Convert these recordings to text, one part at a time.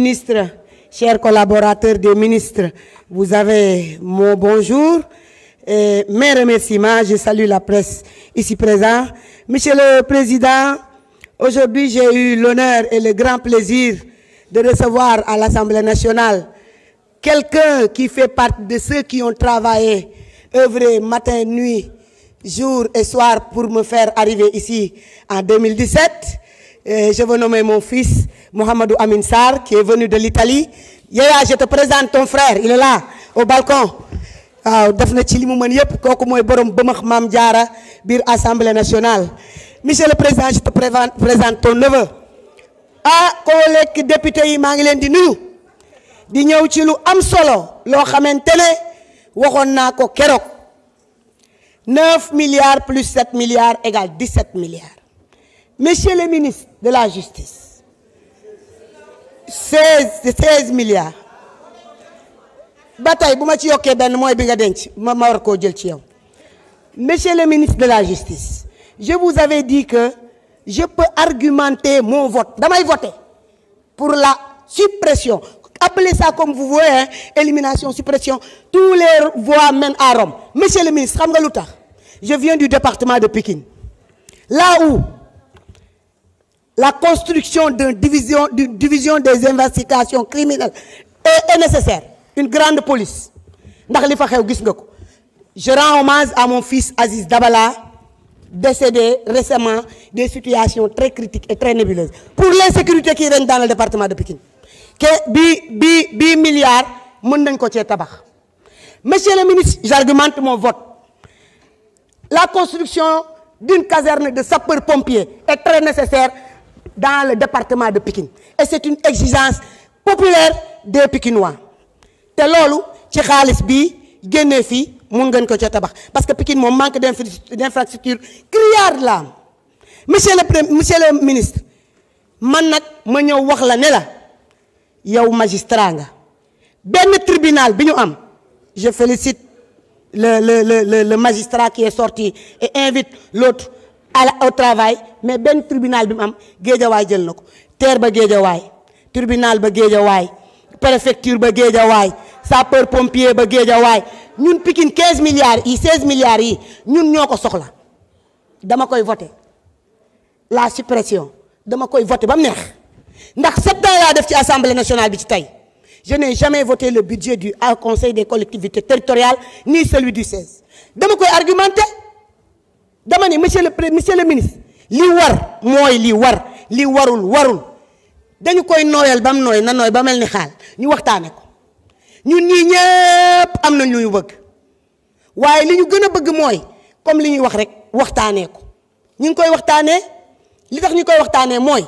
Ministre, chers collaborateurs des ministres, vous avez mon bonjour. Et mes remerciements, je salue la presse ici présente. Monsieur le Président, aujourd'hui j'ai eu l'honneur et le grand plaisir de recevoir à l'Assemblée nationale quelqu'un qui fait partie de ceux qui ont travaillé, œuvré matin, nuit, jour et soir pour me faire arriver ici en 2017. Euh, je veux nommer mon fils Mohamedou Amin Sar, qui est venu de l'Italie. Yaya, je te présente ton frère, il est là, au balcon. Ah def ci li mu mën yëpp kooku borom assemblée nationale monsieur le président je te présente ton neveu ah collègue député yi maa ngi leen di nuyu di ñëw ci lu am solo ko Kérok. 9 milliards plus 7 milliards égale 17 milliards Monsieur le ministre de la Justice, 16 16 milliards Bataille, monsieur le ministre de la Justice je vous avais dit que je peux argumenter mon vote damay voter pour la suppression appelez ça comme vous voulez hein. élimination suppression tous les voix mènent à Rome monsieur le ministre je viens du département de Pékin là où la construction d'une division, division, des investigations criminelles est, nécessaire. Une grande police. Je rends hommage à mon fils Aziz Dabala, décédé récemment des situations très critiques et très nébuleuses. Pour l'insécurité qui règne dans le département de Pékin, que bi, bi, bi milliards, tabac. Monsieur le ministre, j'argumente mon vote. La construction d'une caserne de sapeurs-pompiers est très nécessaire dans le département de Pékin. et c'est une exigence populaire des Pékinois. te ce ci xaalis bi génnee parce que Pékin manque d'infrastructures criard là. monsieur le monsieur le ministre man nag ma ñëw wax la ne la magistrat Ben tribunal bi ñu je félicite le le le le magistrat qui est sorti et invite l'autre au travail mais le tribunal bi mu tribunal qui jël terre ba tribunal ba géejawaay préfecture ba sapeur pompier ba géejawaay ñun Pikine 15 milliards 16 milliards nous, ñun ñoko soxla dama koy voté la suppression dama koy voter bam ndax sept ans def nationale je n'ai jamais voté le budget du Conseil des collectivités territoriales ni celui du 16 dama koy argumenter dama ni monsieur le monsieur le ministre li war moy li war li warul warul dañu koy nooyal bam noy na noy ba melni ni ñu waxtane ko ñun ñi ñëpp am nañ lu ñu bëgg waaye li ñu gën bëgg moy comme li ñuy wax rek waxtane ko ñu koy waxtane li tax ñu koy waxtane moy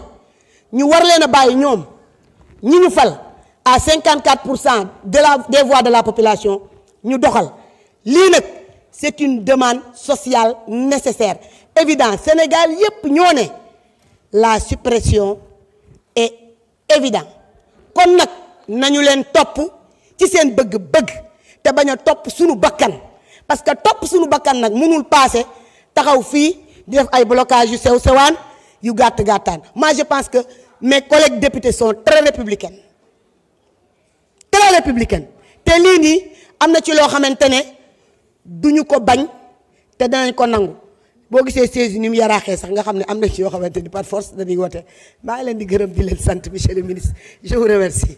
ñu war leena a ñom ñi ñu fal à 54 de la des voix de la population ñu doxal li nak c'est une demande sociale nécessaire évident Sénégal yep, la suppression est évident kon nous nañu len top, ci sen bëgg-bëgg te bañ top top, suñu bakkan parce que top suñu bakkan nag mënul passe, taxaw fi, di def ay blocage yu sew sewaan moi je pense que mes collègues députés sont très républicains très républicains te lini, nii le ci du ñu ko bañ te danañ ko nangu boo gisee saisi ni mu yaraaxee sax nga xam ne am na ci yoo xamante ni par force dañuy wote maa ngi leen di gërëm di leen sant monsieur le ministre je vous remercie.